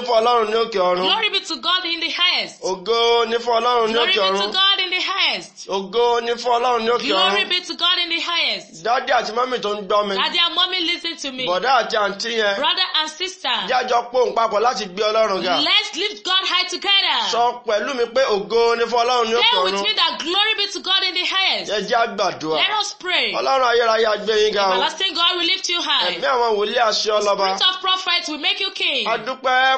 glory be to God in the highest. ògo ní fún ọlọ́run ní òkè ọ̀run. glory be to God in the highest. ògo ní fún ọlọ́run ní òkè ọ̀run. glory be to God in the highest. dádì àti mọ́mì tó ń gbọ́ mi. dádì and mọ́mì listen to me. bọ̀dá àti àǹtí yẹn. brother and sister. jájọ pohùn papọ̀ láti gbé ọlọ́run ga. let's lift God high together. sọ pẹ̀lú mi pé ògo ní fún ọlọ́run ní òkè ọ̀run. say with me that glory be to God in the highest. ẹ jẹ́ a let us pray. ọlọ́run ayérayé a gbé yín ga o. everlasting God will lift you high. ẹ̀mí àwọn wòlíì àṣẹ ọlọ́ba. spirit of prophets will make you king. a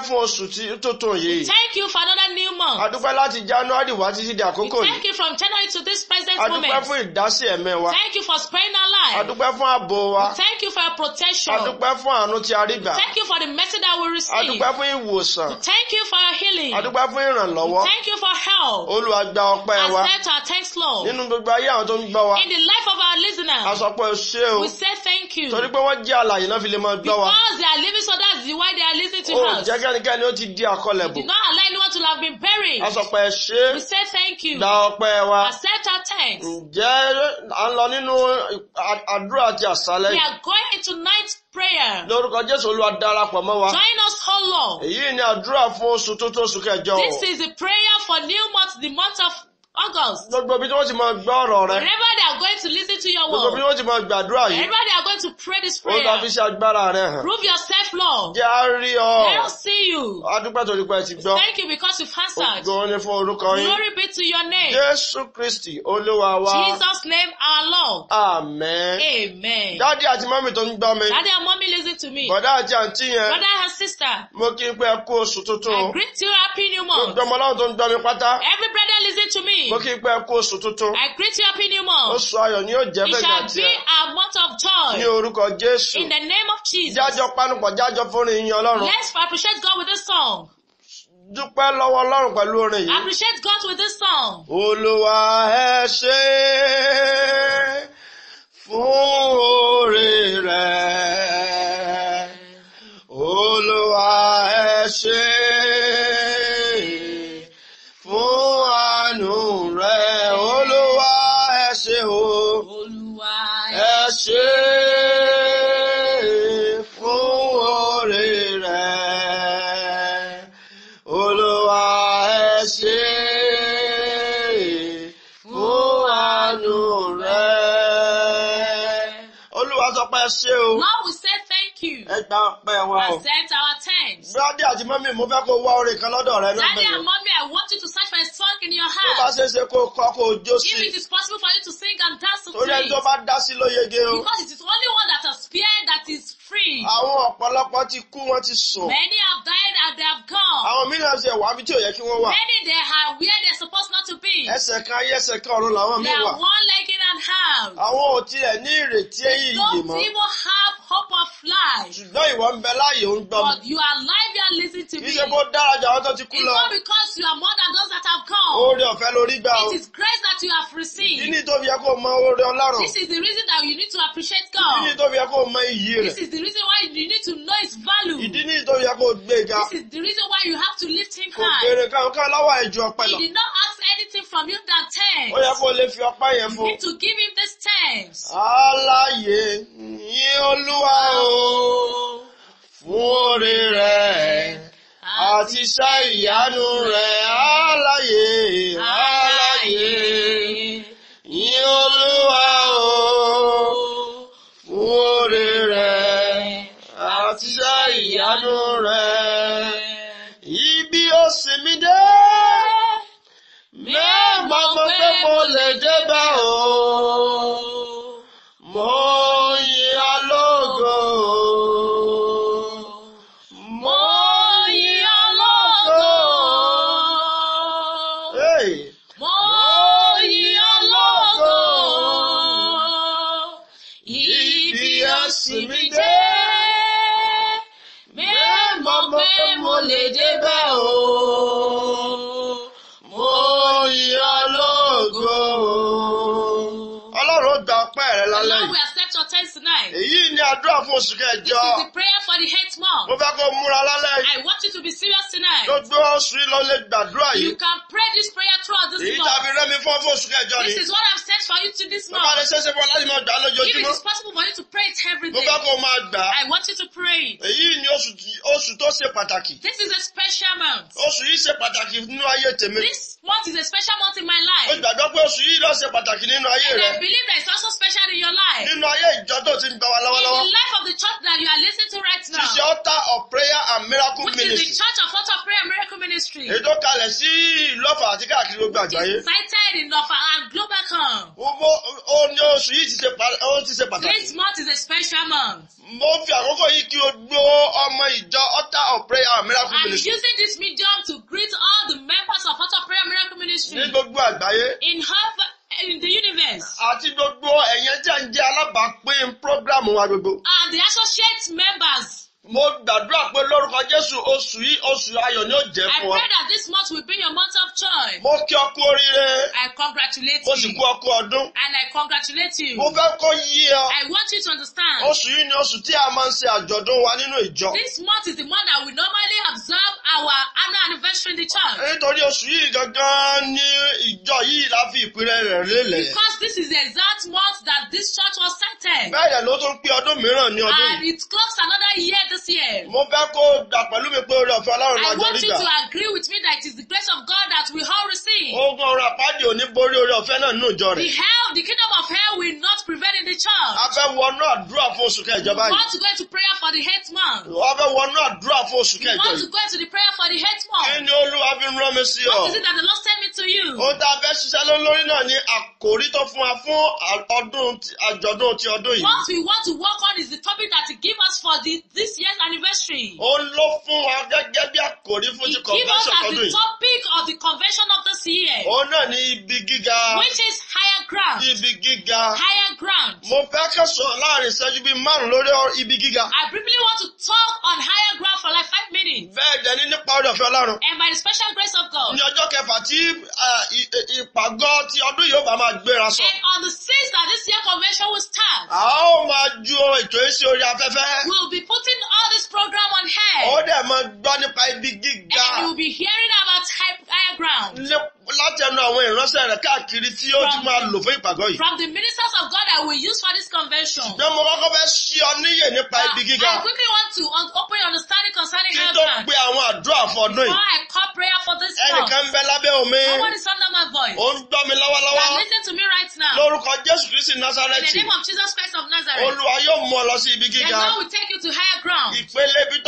fún oṣù tí ó tuntun yìí. thank you for another new month. a dúpẹ́ láti january wá títí di àkókò yìí. we thank you from january to this present moment. a dúpẹ́ fún ìdásí ẹ̀mẹ́ wa. thank you for sparing our life. a dúpẹ́ fún ààbò wa. we thank you for your protection. a dúpẹ́ fún àánú tí a rí gbà. we thank you for the message that we receive. a dúpẹ́ fún ìwòsàn. we thank you for your healing. a dúpẹ́ fún ìrànlọ́wọ́. we thank you for help. Olúwa gba ọpẹ́ wa. accept our thanks Lord. nínú gbogbo ayé àwọn tó ń gbọ́ wa. in the life of our listeners. a sọ pé o ṣé o. we say thank you. torí pé wọ́n jẹ́ àlàyé náà fi lè máa gbọ́ wa. because they are living so that's why they are listening to oh, us. ó jẹ́ ẹnikẹ́ni ó ti di àkọlẹ̀bù. did not allow anyone to have been buried. a sọ pé ṣé. we say thank you. gba ọpẹ́ wa. accept our thanks. ǹjẹ́ à ń lọ nínú àdúrà àti àṣálẹ́. we are going into night prayer. lórúkọ jésù olúwa darapọ̀ mọ́ wa. join us all love. èyí ni àdúrà fún oṣù tuntun oṣù kẹjọ. this is a prayer for new month the month of. August. Gbogbo ibi wọ́n ti máa gbọ́ ọ̀rọ̀ rẹ. Wherever are going to listen to your word. Gbogbo ibi wọ́n ti máa gbàdúrà yìí. Wherever are going to pray this prayer. Ó lọ ṣe agbára rẹ hàn. Prove yourself Lord. Jẹ́ á rí ọ. Let us see you. Adúpẹ́ torí pé ẹ ti gbọ́. Thank you because you've answered. Ògo ni fún orúkọ yín. Glory be to your name. Jésù Kristì Olúwa wa. Jesus name our Lord. Amen. Amen. Dádì àti mọ́mì tó ń gbọ́ mi. Dádì and mọ́mì listen to me. Bọ̀dá àti àǹtí yẹn. Bọ̀dá and sister. Mo kí n pé kú oṣù tuntun. I greet you happy new month. Gbogbo ọmọ tó ń gbọ́ mi pátá. Every brother listen to me. Mo kí i kú oṣù tuntun. I greet you happy new month. Oṣù ayọ̀ ni yóò jẹ́ bẹ́ẹ̀ gàdí. It shall be a month of joy. Ní orúkọ Jésù. In the name of Jesus. Jájọ panupọ̀ jájọ fúnrin yín Ọlọ́run. Let's appreciate God with this song. Dúpẹ́ lọ́wọ́ Ọlọ́run pẹ̀lú orin yìí. Appreciate God with this song. Olúwa ẹ ṣé fún oore rẹ̀. Olúwa ẹ ṣé. lọ́wọ́ ẹ wá o. accept our times. dádì àti mọ́mí mo fẹ́ kó wá orin kan lọ́dọ̀ rẹ lọ́dọ̀. dádì and mommy I want you to search my song in your heart. tó bá ṣeé ṣe kó o kọ́ kó o jó sí. if it is possible for you to sing and dance to it. torí ẹni tó bá dá sí ló yege o. because it is only one that has fear that is free. àwọn ọ̀pọ̀lọpọ̀ ti kú wọ́n ti sùn. many have died and they have gone. àwọn mìíràn ṣe wà á fi tí ò yẹ kí wọ́n wà. many they are where they are supposed not to be. ẹsẹ̀ kan ayé ẹsẹ̀ kan ọ̀run làwọn mí wà. they are one legged and half. àwọn ò tilẹ̀ ní ìrètí èyí ìyè mọ́. they don't even alive. ṣùgbọ́n ìwọ ń bẹ láàyè ń gbọ́ but you are alive you are listening to me. kì dára ju àwọn tó ti kú lọ. it's not because you are more than those that have come. oore ọ̀fẹ́ lórí gbà o. it is grace that you have received. kí ni tó fi yẹ kó mọ oore ọlọ́run. this is the reason that you need to appreciate God. kí ni tó fi yẹ kó mọ iyì rẹ̀. this is the reason why you need to know his value. ìdí ni tó fi yẹ kó gbé ga. this is the reason why you have to lift him high. kò béèrè káwọn káwọn láwọ àìjọ ọpẹ́ he did not ask anything from you that text. Ó yẹ kó lè fi ọpẹ́ yẹn fún. You need to give him this text. Aláyé ní Olúwa o, fún oore rẹ̀ àti iṣẹ́ ìyanu rẹ̀ aláyé. lè débẹ̀ o. Mo yin alógo. Mo yin alógo. Mo yin alógo. Ibi ẹ̀sìn mi dé. Mi mọ̀ pé mo lè dé. prayer fún This is the prayer for the eighth month. Mo fẹ́ kó múra lálẹ́ I want you to be serious tonight. Gbogbo oṣù yìí ló lè gbàdúrà yìí. You can pray this prayer throughout this month. Èyí tàbí rẹ́mi fún fún oṣù kẹjọ ni. This is what I've said for you to this month. Mo bá lè ṣe fún ọ gbà lójoojúmọ́. If it is possible for you to pray it every day. Mo fẹ́ kó máa gbà I want you to pray. Èyí ni oṣù oṣù tó ṣe pàtàkì. This is a special month. Oṣù yìí ṣe pàtàkì nínú ayé tèmi. This month is a special month in my life. Mo gbàgbọ́ pé oṣù yìí ló ṣe pàtàkì nínú ayé rẹ. And I believe that is also special in your life. Nínú ayé ìjọ tó ti ń gbà wá lọ́wọ́lọ́wọ́. In the life of the church that you are listening to right right now. ṣíṣe altar of prayer and miracle which ministry. which is the church of altar of prayer and miracle ministry. ètò kalẹ̀ sí ìlọ́fà àti káàkiri gbogbo àgbáyé. it's cited in Lọ́fà and Globalcom. gbogbo ní oṣù yìí ti ṣe pàtàkì. this month is a special month. mo fi àkókò yìí kí o gbó ọmọ ìjọ altar of prayer and miracle and ministry. I'm using this medium to greet all the members of altar of prayer and miracle ministry. ní gbogbo àgbáyé. in heaven eh, in the universe. Àti gbogbo ẹ̀yẹn ń jẹ́ alábàápín programu wa gbogbo. and the associate members Mo gbàdúrà pé lórúkọ Jésù oṣù yìí oṣù ayọ̀ ni ó jẹ́ fún ọ. I pray that this month will be your month of joy. Mo kí ọ oríire. I congratulate you. Mo sì kú ọ ọdún. And I congratulate you. Mo fẹ́ kó yí ọ. I want you to understand. Oṣù yìí ni oṣù tí a máa ń ṣe àjọ̀dún wa nínú ìjọ. This month is the month that we normally observe our annual anniversary in the church. Nítorí oṣù yìí gangan ni ìjọ yìí la fi ìpìlẹ̀ rẹ̀ lélẹ̀. Because this is the exact month that this church was started. Bẹ́ẹ̀ ló tún pé ọdún mìíràn ní ọdún And it close another year this year. Mo fẹ́ kó gbà pẹ̀lú mi pé orí ọ̀fẹ́ Ọlọ́run náà jọ I want you to agree with me that it is the grace of God that we all receive. Ogun ọ̀rọ̀ àpáàdì ò ní borí orí náà nínú ìjọ rẹ̀. The hell the kingdom of hell will not prevent in the church. A fẹ́ wọnú àdúrà fún oṣù kẹjọ báyìí. We want to go into prayer for the eighth month. A fẹ́ wọnú àdúrà fún oṣù kẹjọ yìí. We want to go into the prayer for the eighth month. Kí ni Olúwa fi rán mi sí ọ? What is it that the Lord sent me to you? Ohun tá fẹ́ ṣiṣẹ́ lórí náà ni àkòrí tó fún wa fún àjọ̀dún ti ọdún yìí. What we want to work on is the topic that he gave us for the, this year years anniversary. ó ló fún wa gẹ́gẹ́ bí àkòrí fún ti convention tọdún yìí. he gave us as the top peak of the convention of this year. Òun náà ni ibi gíga. Which is higher ground. Ibi gíga. Higher ground. Mo fẹ́ kẹ́ láàrin ìṣẹ́jú bíi márùn-ún lórí ibi gíga. I briefly want to talk on higher ground for like five minutes. Bẹ́ẹ̀ dẹ̀ ní nípa orí ọ̀fẹ́ Ọlọ́run. And by the special grace of God. Ní ọjọ́ kẹfà tí ìpàgọ́ ti ọdún yóò bá máa gbéra sọ. And on the sixth that this year convention will start. A ó máa ju ètò èsì orí afẹ́fẹ́. We will be putting all this program on air. Ó dẹ̀ máa gbọ́ nípa ibi gíga. And you will be hearing about high, higher ground. láti ẹnu àwọn ìránṣẹ́ rẹ̀ káàkiri tí ó ti máa lò fún ìpàgọ́ yìí. from the ministers of God that we use for this convention. ṣùgbọ́n mo kọ́kọ́ fẹ́ ṣí ọ níyè nípa ibi gíga. I quickly want to open your understanding concerning health care. kí tó pe àwọn àdúrà fún ọdún yìí. before I call prayer for this month. ẹnìkan ń bẹ lábẹ́ omi. someone is under my voice. ó ń gbọ́ mi lọ́wọ́lọ́wọ́. you are listening to me right now. lórúkọ Jésù Kristi Nazareti. in the name of Jesus Christ of Nazareth. Olúwa yóò mú ọ lọ sí ibi gíga. the Lord will take you to higher ground. that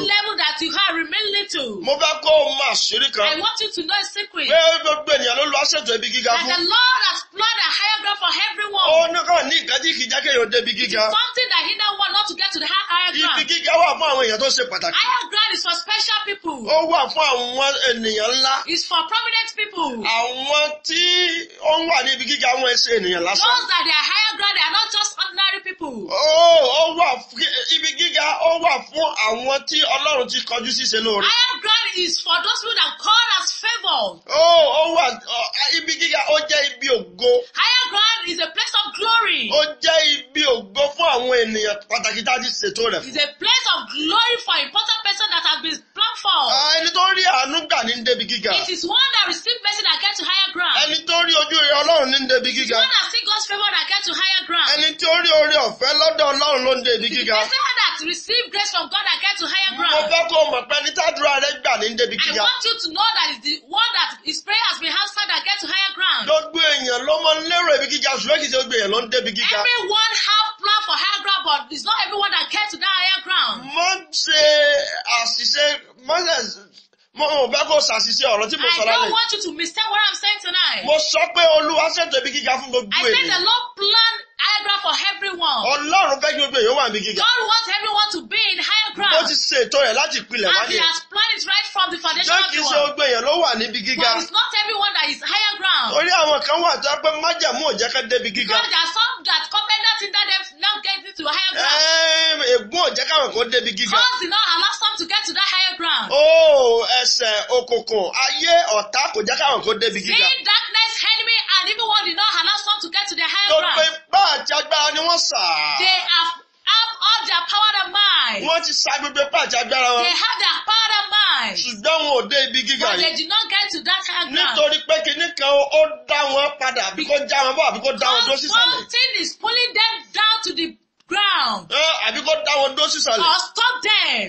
level that you have remain little. I want you to know a secret. Pé gbogbo ènìyàn ló lọ aṣètò ibi gíga fún. That the Lord has planned a higher ground for everyone. Ó ní káwọn ní nǹkan tí jẹ́ kéèyàn dé ibi gíga. It is something that hinder one not to get to the higher ground. Ibi gíga wà fún àwọn èèyàn tó ṣe pàtàkì. Higher ground is for special people. Ó wà fún àwọn ènìyàn ńlá. It's for prominent people. Àwọn tí ó ń wà ní ibi gíga wọn ṣe ènìyàn lásán. Those that they are higher ground they are not just ordinary people. Ó ó wà ibi gíga ó wà fún àwọn tí Ọlọ́run ti kọjú síse lóore. Higher of glory is for those people that God has favored. Oh, ó oh, wà oh, ah, ibi gíga ó jẹ́ ibi ògo. Higher ground is a place of glory. Ó jẹ́ ibi ògo fún àwọn ènìyàn pàtàkì tá a ti ṣètò rẹ̀ fún. It's a place of glory for important person that has been planned for. Ah, ẹni tó rí àánú gbà ní débi gíga. It is one that receive person that get to higher ground. Ẹni tó rí ojú rere Ọlọ́run ní débi gíga. It's one that see God's favour that get to higher ground. Ẹni tí ó rí oore ọ̀fẹ́ lọ́dọ̀ Ọlọ́run ló ń débi gíga. It's the person that receive grace from God that get to higher ground. Mo fẹ́ kó o mọ̀ pé ní tádùrà rẹ gbà ní débi gíga. I want you to know that the one that his prayer has been answered that get to higher ground. gbogbo èèyàn ló mọ lérò ibi gíga ṣùgbọ́n kì í ṣe gbogbo èèyàn ló ń débi gíga. everyone have plan for higher ground but it's not everyone that get to that higher ground. mo ń ṣe àṣìṣe mo ń ṣe mo ò bẹ́ kó ṣàṣìṣe ọ̀rọ̀ tí mo sọ lálẹ́. I don't want you to mistake what I'm saying tonight. mo sọ pé olúwa ṣètò ibi gíga fún gbogbo èmi. I said the Lord planned higher ground for everyone. ọlọ́run fẹ́ kí gbogbo èèyàn wà níbi gíga. God wants everyone to be in higher ground. ó ti ṣe ètò rẹ̀ láti ìpìlẹ̀ wá and he has planned it right from the foundation of the world. jẹ́ kí iṣẹ́ ogbe èèyàn ló wà níbi gíga. but it's not everyone that is higher ground. torí àwọn kan wà tó pé májàmú ò jẹ́ ká débi gíga. because there are some that covenant hinder them now get into higher ground. ègún ò jẹ́ káwọn kan débi gíga. cause the law allows some to get to that higher ground. oh ẹsẹ̀ òkùnkùn ayé ọ̀tá kò jẹ́ káwọn kan débi gíga. Seeing darkness enemy and even one did not allow some to get to the higher ground. tó pé bá àti agbára ni wọ́n sà. they have have all their power and mind. Wọ́n ti sa gbogbo pàtí agbára wọn. They have their power and mind. Ṣùgbọ́n wọn ò dé ibi gíga yìí. But they did not get to that high ground. Nítorí pé kìíní kan ó dá wọn padà àbí kó já wọn bọ̀ àbí kó dá wọn dó sísàlẹ̀. Because one thing is pulling them down to the ground. àbí kó dá wọn dó sísàlẹ̀. or stop them.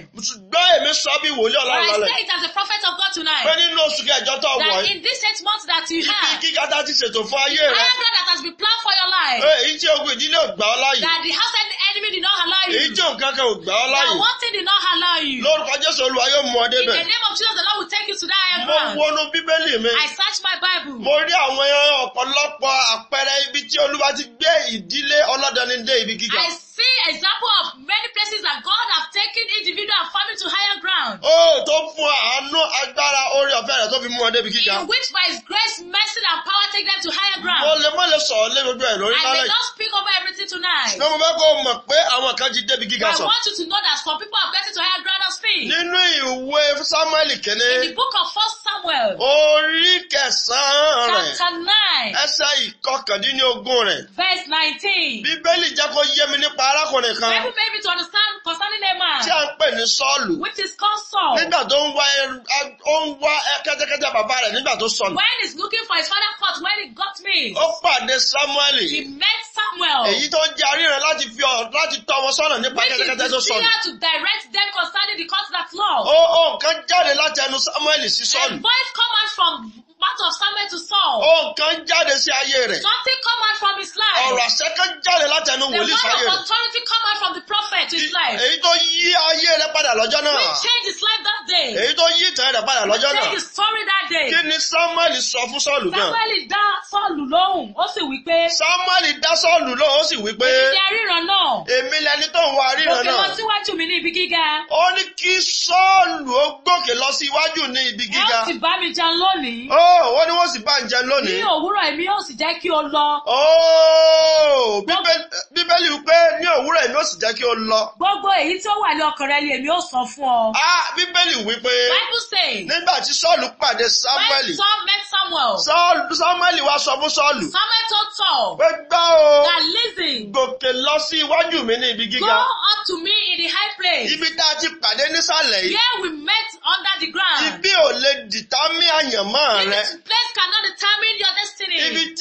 gbọ́ èmi sọ bí wòlíì ọlọ́run lálẹ́. I say it as a prophet of God tonight. pé nínú oṣù kẹjọ tó wọ̀ ẹ́. that in this eight months that you have. ibi gíga tá ti ṣètò fún ayé rẹ. the higher ground that has been planned for your life. èyí tí ogun ìdílé ò gbà ọ́ láàyè. that the house and enemy did not allow you. Ìjọ nǹkan kan ò gbà ọ́ láyè. The one thing did not allow you. Lórúkọ Jésù Olúwa yóò mú ọ débẹ̀. In the name of Jesus the Lord will take you to that heaven. Mo wọnú Bíbélì mi. I search my Bible. Mo rí àwọn ọ̀pọ̀lọpọ̀ àpẹẹrẹ ibi tí Olúwa ti gbé ìdílé ọlọ́dọni dé ibi gíga. I see example of many places that God have taken individual and family to higher ground. ó tó fún àánú agbára orí ọ̀fẹ́ rẹ̀ tó fi mú wọn débi gíga. in which by his grace mercy and power take them to higher ground. mo lè mọ̀ lè sọ̀rọ̀ lé gbogbo ẹ̀ lórí lálẹ́. I may not speak over everything tonight. ṣùgbọ́n mo fẹ́ kó o mọ̀ pé àwọn kan ti débi gíga sọ. I want you to know that some people are getting to higher ground and speak. nínú ìwé Samuel kene in the book of first Samuel. orí kẹsàn-án rẹ̀. chapter nine. ẹsẹ̀ ìkọkàndínlógún rẹ̀. verse nineteen. bíbélì jẹ́ kó yé mi nípa arákùnrin kan. Bible made me to understand concerning a man. Tí a ń pè ní Sọ́ọ̀lù. Which is called Saul. Nígbà tó ń wá ó ń wá kẹ́tẹ́kẹ́tẹ́ bàbá rẹ̀ nígbà tó sọnù. When is looking for his father fault when he got me. Ó pàdé Samuel. He met Samuel. Èyí tó jẹ́ aríran láti fi ọ̀ láti tọ́ wọn sọ́nà nípa kẹ́tẹ́kẹ́tẹ́ tó sọnù. Which is the to direct them concerning the cause that law. Ó ó nǹkan jáde láti ẹnu Samuel sí Sọ́ọ̀lù. A voice come from of Samuel to Saul. Ohun kan jáde sí ayé rẹ̀. Something come out from his life. Ọ̀rọ̀ àṣẹ kan jáde láti ẹnu wòlíì sáyé rẹ̀. The word of authority come out from the life to his life. èyí tó yí ayé rẹ padà lọ́jọ́ náà. we change his life that day. èyí tó yí ìtàn rẹ padà lọ́jọ́ náà. we change his story that day. kí ni samuel sọ fún sọ́ọ̀lù náà. samuel dá sọ́ọ̀lù lóhùn ó sì wí pé. samuel dá sọ́ọ̀lù lóhùn ó sì wí pé. èmi lẹ ríran náà. èmi lẹni tó ń wá ríran náà. òkè lọ síwájú mi ní ibi gíga. ó ní kí sọ́ọ̀lù ó gòkè lọ sí iwájú ní ibi gíga. ẹ ó sì bá mi jẹun lónìí. ó wọ́n ní wọ́n sì bá ń jẹun lónìí. ní òwúrọ̀ èmi yóò sì jẹ́ kí o lọ. ó bíbélì wípé ní òwúrọ̀ èmi yóò lọ. gbogbo èyí tó wà ní ọkàn rẹ ni èmi ó sọ fún ọ. a bíbélì wípé. bible say. nígbà tí sọ́ọ̀lù pàdé samuel. when met samuel. sọ́ọ̀lù samuel wá sọ fún sọ́ọ̀lù. samuel tó tọ̀. pé gbọ́ o. na listen. gòkè lọ sí iwájú mi ní ibi gíga. go up to me in the high place. ibi tá a ti pàdé nísàlẹ̀ yìí. here we met under the ground. ibi ò lè determine àyànmọ́ rẹ. this place cannot determine your destiny. ibi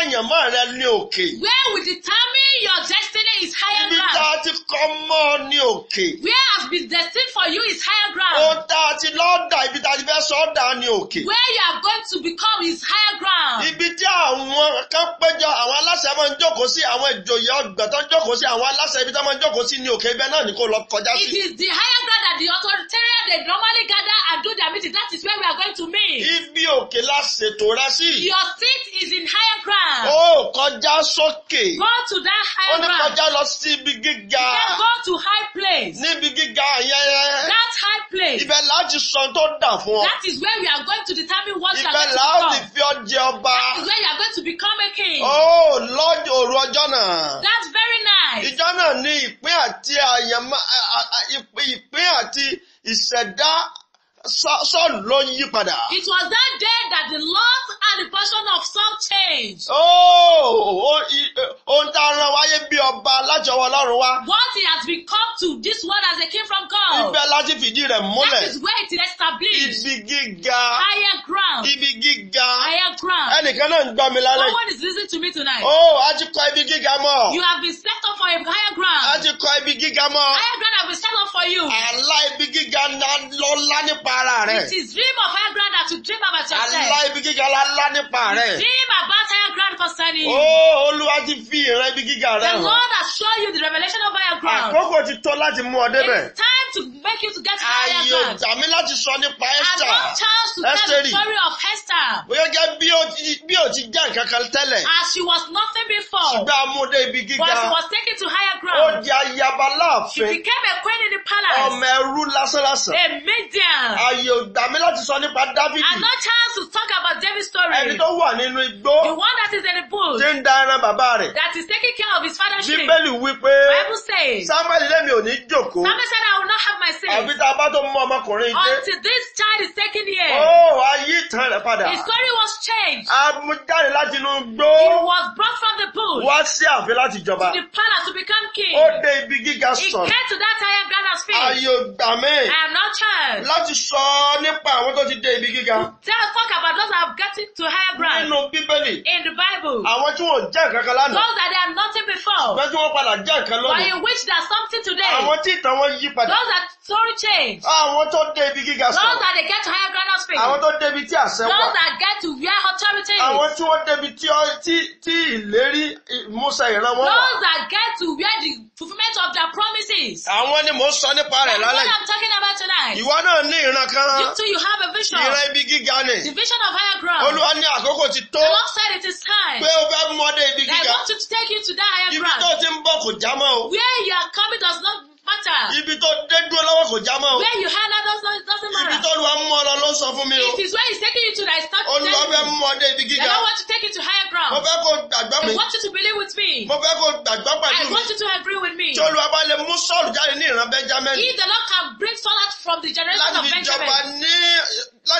àyànmọ́ rẹ ní òkè. where we determine your destiny is higher ground. ibi tá a ti kọ́ mọ́ ní òkè. where has been destined for you is higher ground. ó tá a ti lọ́ọ̀dà ibi tá a ti fẹ́ sọ́ọ̀dà ní òkè. where you are going to become is higher ground. ibi tí àwọn kan péjọ àwọn aláṣẹ máa ń jókòó sí àwọn ìjòyè ọgbọ̀n tó ń jókòó sí àwọn aláṣẹ ibi tó máa ń jókòó sí ní òkè ibẹ̀ náà ni kò lọ kọjá sí. it is the higher ground that the authoritarian they normally gather and do their meeting that is where we are going to meet. ibi òkè la ṣètò rẹ sí. your seat is in higher ground. Ó kọjá sókè. Go to that high ground. Ó ní kọjá lọ sí ibi gíga. You go to high place. Níbi gíga yẹn. That high place. Ibẹ̀ láti sọ tó dà fún ọ. That is where we are going to determine what you are going to become. Ibẹ̀ láti fi ọ jẹ ọba. That is where you are going to become a king. Ó lọ́jọ́ òru ọjọ́ náà. That's very nice. Ìjọ náà ní ìpín àti àyàmá ìpín àti ìṣẹ̀dá Saul ló yí padà. It was that day that the Lord and the person of Saul changed. Oh, oh eh, ohun tá a rán wáyé bí ọba láti Ọlọ́run wá. What he has become to this world as a king from God. Ibẹ̀ láti fìdí rẹ̀ múlẹ̀. That is where it is established. Ibi gíga. Higher ground. Ibi gíga. Higher ground. Ẹnìkan náà ń gbọ́ mi lálẹ́. Someone is listening to me tonight. Oh, a ti kọ́ ibi gíga mọ́. You have been set up for a higher ground. A ti kọ́ ibi gíga mọ́. Higher ground have been set up for you. Àlá ibi gíga lọ́lá nípa ara rẹ. It is dream of high ground to dream about yourself. Àlá ibi gíga ńlá nípa rẹ. dream about higher ground concerning Ó oh, Olúwa ti fi ìran gíga rẹ hàn. The Lord has shown you the revelation of higher ground. Àkókò ti tó láti mú ọ débẹ̀. It's time to make you to get to higher ground. Àyè òjàmí láti sọ nípa Esther. And no chance to tell the story of Esther. Gẹ́gẹ́ bí ó ti bí ó ti já nǹkan kan tẹ́lẹ̀. As she was nothing before. Ṣùgbọ́n a mú dé ibi gíga. But she was taken to higher ground. Ó di ayaba láàfin. She became a queen in the palace. Ọmọ ẹrú lásánlásán. A medium. Àyè òjàmí láti sọ nípa Dávidi. And no chance to talk about David's story. Ẹni tó wà nínú igbó. The one that is in the bush. Ṣé ń da ẹran bàbá rẹ̀? That is taking care of his father's sheep. Bíbélì wí pé. Bible says. Samuel lẹ́mi ò ní jòkó. Samuel said I will not have my say. Àbí tá a bá tó mú ọmọkùnrin dé. Until this child is taken here. Oh, ayé ìtàn rẹ̀ padà. His story was changed. A mú jáde láti inú gbó. He was brought from the bush. Wá sí ààfin láti jọba. To the palace to become king. Ó dé ibi gíga sọ̀rọ̀. He came to that higher ground as faith. Ayò gbà I am not child. Láti sọ nípa àwọn tó ti dé ibi gíga. To tell talk about those that have gotten to higher ground. Nínú Bíbélì. In the Bible. Àwọn tí wọ́n jẹ́ nǹkan kan lánàá. Those that they are nothing before. Ṣùgbọ́n tí wọ́n padà jẹ́ nǹkan lónìí. But in which there something today. Àwọn tí ìtàn wọn yí padà. Those that Story change. Ah, àwọn tó dé gíga sọ. Those that they get to higher ground of Àwọn tó dé tí àṣẹ wà. Those that get to where authority is. Àwọn tí wọ́n dé tí ìlérí Musa ìran wọn wà. Those that get to where the fulfilment of their promises. Àwọn ni mò sọ nípa rẹ̀ lálẹ́. That's what I'm talking about tonight. Ìwọ náà ní ìran kan. You too you have a vision. Ìran ibi gíga ni. The vision of higher ground. Olúwa ní àkókò ti tó. The Lord said it is time. Pé o fẹ́ mú ibi gíga. I want to take you to that higher ground. Ibi tó ti ń bọ̀ kò já mọ́ o. Where you are coming does not matter. Ibi tó dé dúró lọ́wọ́ kò já mọ́ Where you hand out doesn't doesn't matter. Ibi tó lu amú ọ lọ ló ń sọ fún mi o. It is where he's taking you to that is not telling you. fẹ́ mú ọ dé ibi gíga. I don't want to take you to higher ground. Mo fẹ́ kó gbàgbọ́ mi. I want you to believe with me. Mo fẹ́ kó gbàgbọ́ pẹ̀lú mi. I want you to agree with me. Tí Olúwa bá lè mú Sọ́ọ̀lù jáde ní ìran Benjamin. If the Lord can bring Saul from the generation of Benjamin. Láti fi jọba ní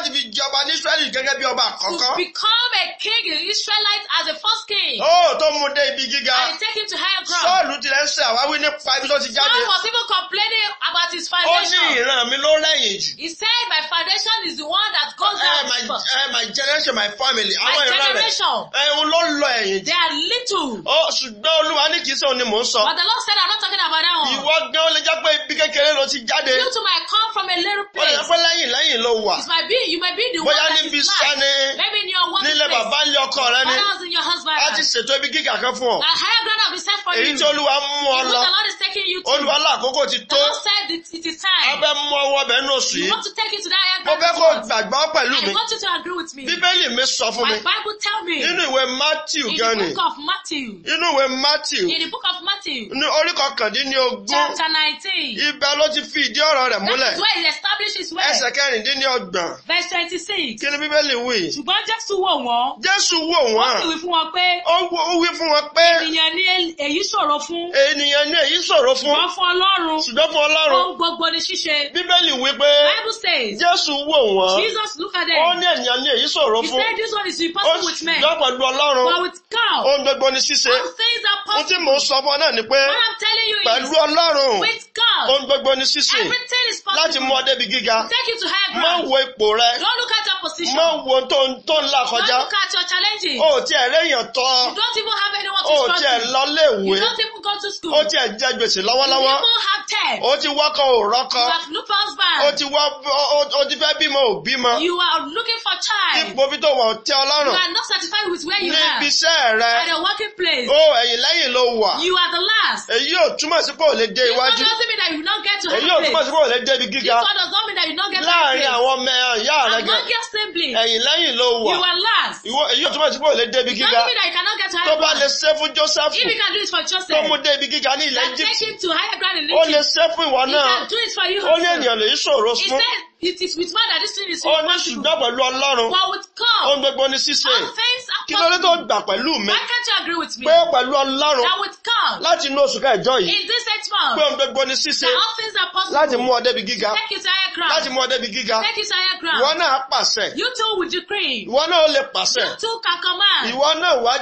láti fi jọba ní Ísírẹ́lì gẹ́gẹ́ bí ọba àkọ́kọ́. to become a king in Israelite as a first king. ó tó mú dé ibi gíga. and take him to higher ground. Sọ́ọ̀lù tilẹ̀ ń ṣe àwáwí nípa ibi tó ti jáde. Saul was even complaining about his foundation. ó ní ìran mi ló lẹ́yìn jù. he said my foundation is the one that goes eh, down hey, first. My, eh, my generation my family. àwọn ìran rẹ̀ my generation. ẹ̀hún eh, ló lọ ẹ̀yìn jù. they are little. ó ṣùgbọ́n Olúwa ní kì í ṣe òun ni mò ń sọ. but the Lord said I'm not talking about that one. ìwọ gan ó lè jẹ́ pé ibi kékeré ló ti jáde. due to my come from a little place. ó lè jẹ́ pé lẹ́yìn lẹ́yìn ló wà. it's my being you may be the one Maybe in your workplace. Nílé bàbá ilé ọkọ rẹ ni. your husband. A ti ṣètò ibi gíga kan fún ọ. higher ground will be set for you. Èyí tí Olúwa mú ọ lọ. The Lord is taking you to. Olúwa lákòókò ti tó. The it, is time. A fẹ́ mú ọwọ́ bẹ́ẹ̀ ní oṣù yìí. want to take you to that higher ground. Mo fẹ́ kó gbàgbọ́ pẹ̀lú mi. I want you to agree with me. Bíbélì mi sọ fún mi. Bible tell me. Nínú ìwé Matthew gan In the book of Matthew. Nínú ìwé Matthew. In the book of Matthew. Ní orí kọkàndínlógún. Chapter nineteen. Ibẹ̀ ló ti fi ìdí ọ̀rọ̀ rẹ̀ múlẹ̀. That is where he establishes his way. Ẹsẹ̀ kẹrìndínlọ́gbọ̀n verse twenty six. kí ni bíbélì wí. ṣùgbọ́n jésù wò wọ́n. jésù wò wọ́n. ó sì wí fún wọn pé. ó wí fún wọn pé. ènìyàn ni èyí ṣòro fún. ènìyàn ni èyí ṣòro fún. ṣùgbọ́n fún ọlọ́run. ṣùgbọ́n fún ọlọ́run. ohun gbogbo ni ṣíṣe. bíbélì wí pé. bible says. jésù wò wọ́n. jesus look at them. ó ní ènìyàn ni èyí ṣòro fún. he said this one is impossible with men. ó jọ pẹ̀lú ọlọ́run. but with God. ohun gbogbo ni ṣíṣe. all things are possible. I'm telling you is. pẹ̀lú ọlọ́run. God. ohun gbogbo ni everything is possible. take you to heaven. má wo ipò r rẹ. don't look at your position. má wo tó ń tó ń là kọjá. don't look at your challenges. o tiẹ̀ réyàn tọ́. you don't even have anyone to struggle. o tiẹ̀ lọ léèwé. you don't even go to school. o tiẹ̀ jẹ gbèsè lọ́wọ́lọ́wọ́. you even have ten. o ti wọ́kọ̀ ò rọ́kọ. you have no husband. o ti wọ́ o ti fẹ́ bímọ ò bímọ. you are looking for child. ipò bí tó wà ó tẹ́ you are not satisfied with where you are. níbi iṣẹ́ rẹ. at a working place. o ẹ̀yìn lẹ́yìn ló wà. you are the last. èyí ò túmọ̀ sí pé ò lè dé iwájú. this one mean that you no get to have a place. èyí ò túmọ̀ sí pé ò lè dé ibi gíga. this one not mean that you no get to have a place. láàárín àwọn ọmọ I ìyá rẹ gẹ ẹ̀yìn lẹ́yìn ló wà ìwọ èyí ò túmọ̀ sí pé ò lè dé ibi gíga tó bá lè ṣe fún Joseph tó mú dé ibi gíga ní ilẹ̀ Egypt ó lè ṣe fún ìwọ náà ó ní ènìyàn lè ṣòro fún it is with man that this thing is impossible. ó ní ṣùgbọ́n pẹ̀lú ọlọ́run. but with God. ohun gbogbo ni ṣíṣe. all things are possible. kí ló dé tó gbà pẹ̀lú mi. why can't you agree with me. pé pẹ̀lú ọlọ́run. that with God. láti inú oṣù kẹjọ yìí. in this eight months. pé ohun gbogbo ni ṣíṣe. that all things are possible. láti mú ọ débi gíga. take it higher ground. láti mú ọ débi gíga. take it higher ground. ìwọ náà pàṣẹ. you too will decree. ìwọ náà lè pàṣẹ. you too can command. ìwọ náà wá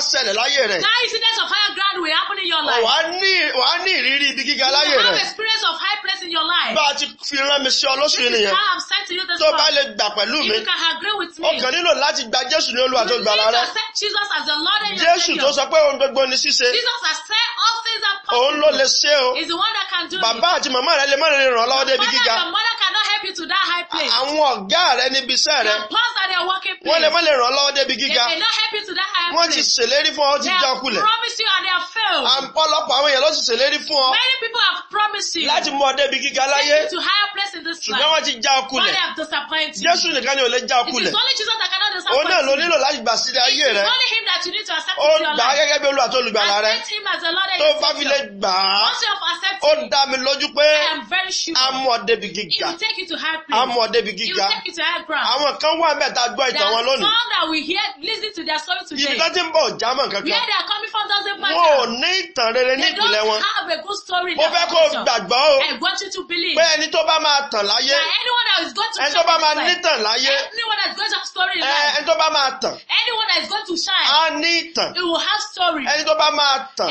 jẹ láyé rẹ. that incident of higher ground will happen in your life. wàá ní wàá ní ìrírí ibi gíga láyé rẹ. you have experience of high place in your life. bá a ti fi rán mi sí ọ lóṣù nìyẹn. this is how I'm sent to you this morning. tó bá lè gbà pẹ̀lú mi. if you can agree with me. ọkàn nílò láti gba Jésù ní Olúwa tó gbà lára. you need to Jesus as the Lord and your Savior. Jésù tó sọ pé òun gbogbo ni ṣíṣe. Jesus has said all things are possible. òun ló lè ṣe o. is the one that can do it. bàbá àti màmá rẹ lè má lè ràn lọ́wọ́ débi gíga. mother cannot help you to that high place. àwọn ọ̀gá rẹ níbi iṣẹ́ rẹ. the boss at your working place. wọ́n lè má lè ràn lọ́wọ́ débi gíga. they may not help you to that high place. wọ́n ti ṣèlérí fún ọ parọ́ jíjà kulẹ̀. they have promised you and they have failed. àwọn èèyàn ló sì ṣèlérí fún ọ. many people have promised you. láti mú ọ débi gíga láyé. to higher place in this life. ṣùgbọ́n wọ́n ti já ọ have disappointed you. Jésù nìkan ni ò lè já ọ it is only Jesus that cannot disappoint you. òun náà ló nílò láti gbà sílẹ̀ ayé rẹ. it is only him that you need to accept into your life. ó gbà gẹ́gẹ́ bí Olúwa olùgbàlà rẹ. as the Lord that tó bá fi lè gbà á ó dá mi lójú pé amọ̀débi gíga amọ̀débi gíga àwọn kan wà mẹ́ta gbọ́ ìtàn wọn lónìí. ibi tó ti ń bọ̀ jámọ̀ kankan wọn ò ní ìtàn rere ní ìpìlẹ̀ wọn. mo fẹ́ kó gbàgbọ́ o pé ẹni tó bá máa tàn láyé ẹni tó bá máa nítàn láyé ẹni tó bá máa tàn á ní ìtàn ẹni tó bá máa tàn